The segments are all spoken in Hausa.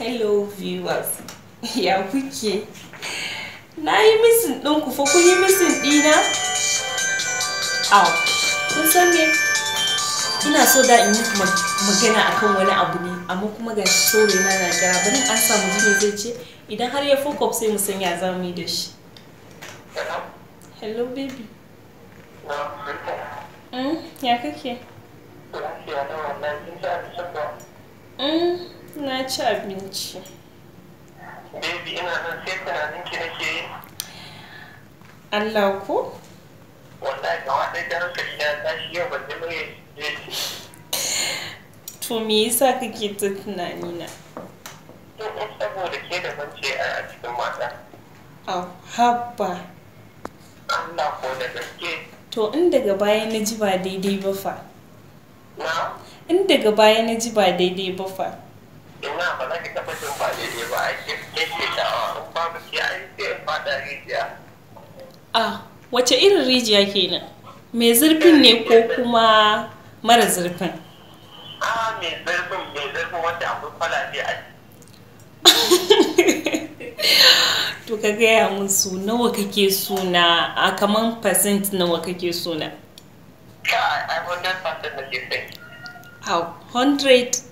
hello viewers ya kuke na yi misin ɗinku fa kun yi misin ɗina au kun san me ina so da in yi magana akan wani abu ne amma kuma ga saurayi na na kira bari an samu ne zai ce idan har ya fokop sai mu sanya za mu yi da shi hello baby mm, ya kake Mm. Na ci abinci. Baby ina nan sai tunanin ki ke yi. Allah ko? Wallahi ga wanda da hankali na tashi yau ban ji mai To me yasa kake ta tunani na? Saboda ke da bance a cikin mata. Au, habba. Allah ko da gaske. To in daga baya na ji ba daidai ba fa. Na? In daga baya na ji ba daidai ba fa. ina ba za ki taɓa jin ba daidai ba ai ke ke sha'awa ah, in babu ki ai sai fada rijiya A ah, wace irin rijiya kenan mai zurfin ne ko kuma mara zurfin ah mai zurfin mai zurfin wanda abu akwai ne a to ka gaya musu nawa kake suna a kaman percent nawa kake suna ka a 100% da ke sai 100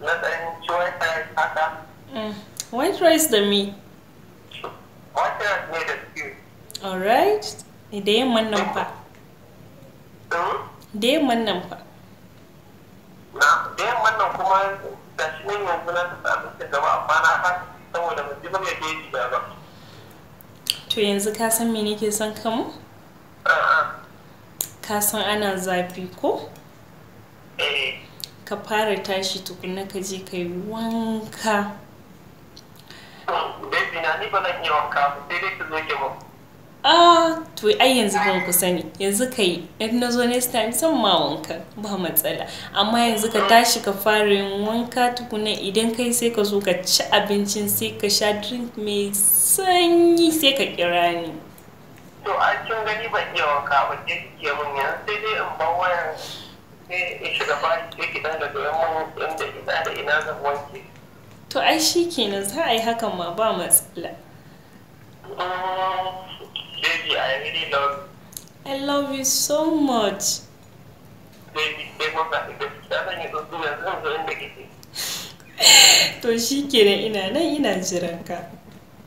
na white rice mm. white rice da me white rice ne da stew alright da yin nan fa da yin nan fa na da yin nan kuma da shi ne yanzu na ta abincin gaba amma na fa saboda ji mun yake da ba to yanzu ka san me nake son kamu? ka san ana zafi ko? eh ka fara tashi tukuna ka je ka yi wanka ah to ai yanzu ban ku sani yanzu ka yi in na zo next time san ma wanka ba matsala amma yanzu ka tashi ka fara yin wanka tukuna idan kai sai ka zo ka ci abincin sai ka sha drink mai sanyi sai ka kira ni to a cin gani ban iya wanka ba ke mun yanzu sai dai in ba wayan sai in shiga bayi gida daga yamma da gida da ina zan wanke to ai shi kenan za a yi hakan ma ba matsala baby i really love you i love you so much baby sai mun ba da gaskiya zan yi tsotso yanzu zan zo inda kike to shi kenan ina nan ina jiran ka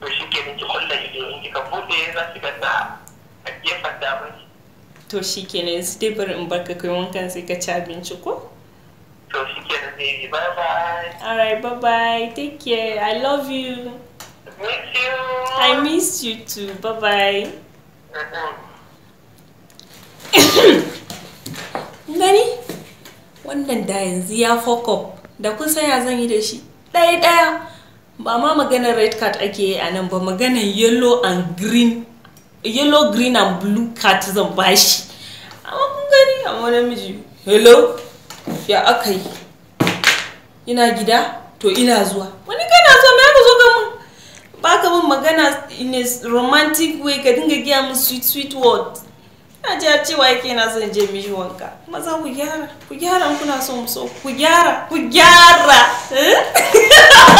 to shi kenan ki kulla ido in kika bude za ki ga na a gefen damar to shi kenan yanzu dai bari in baka kai wankan sai ka ci abinci ko baby. Bye bye. All right, bye bye. Take care. I love you. Miss you. I miss you too. Bye bye. Gani? Wannan da yanzu ya fuck up. Da kun san ya zan yi da shi. Ɗaya ɗaya. Ba ma maganar red card ake yi a nan ba maganar yellow and green. Yellow, green and blue card zan bashi. Amma kun gani amma namiji. Hello? Ya aka yi. ina gida to ina zuwa wani kana so mai ka zo ga mu ba ka mun magana in a romantic way ka dinga giya mu sweet sweet word ina ji cewa yake na son je mishi wanka kuma za ku gyara ku gyara kuna so mu so ku gyara ku gyara eh?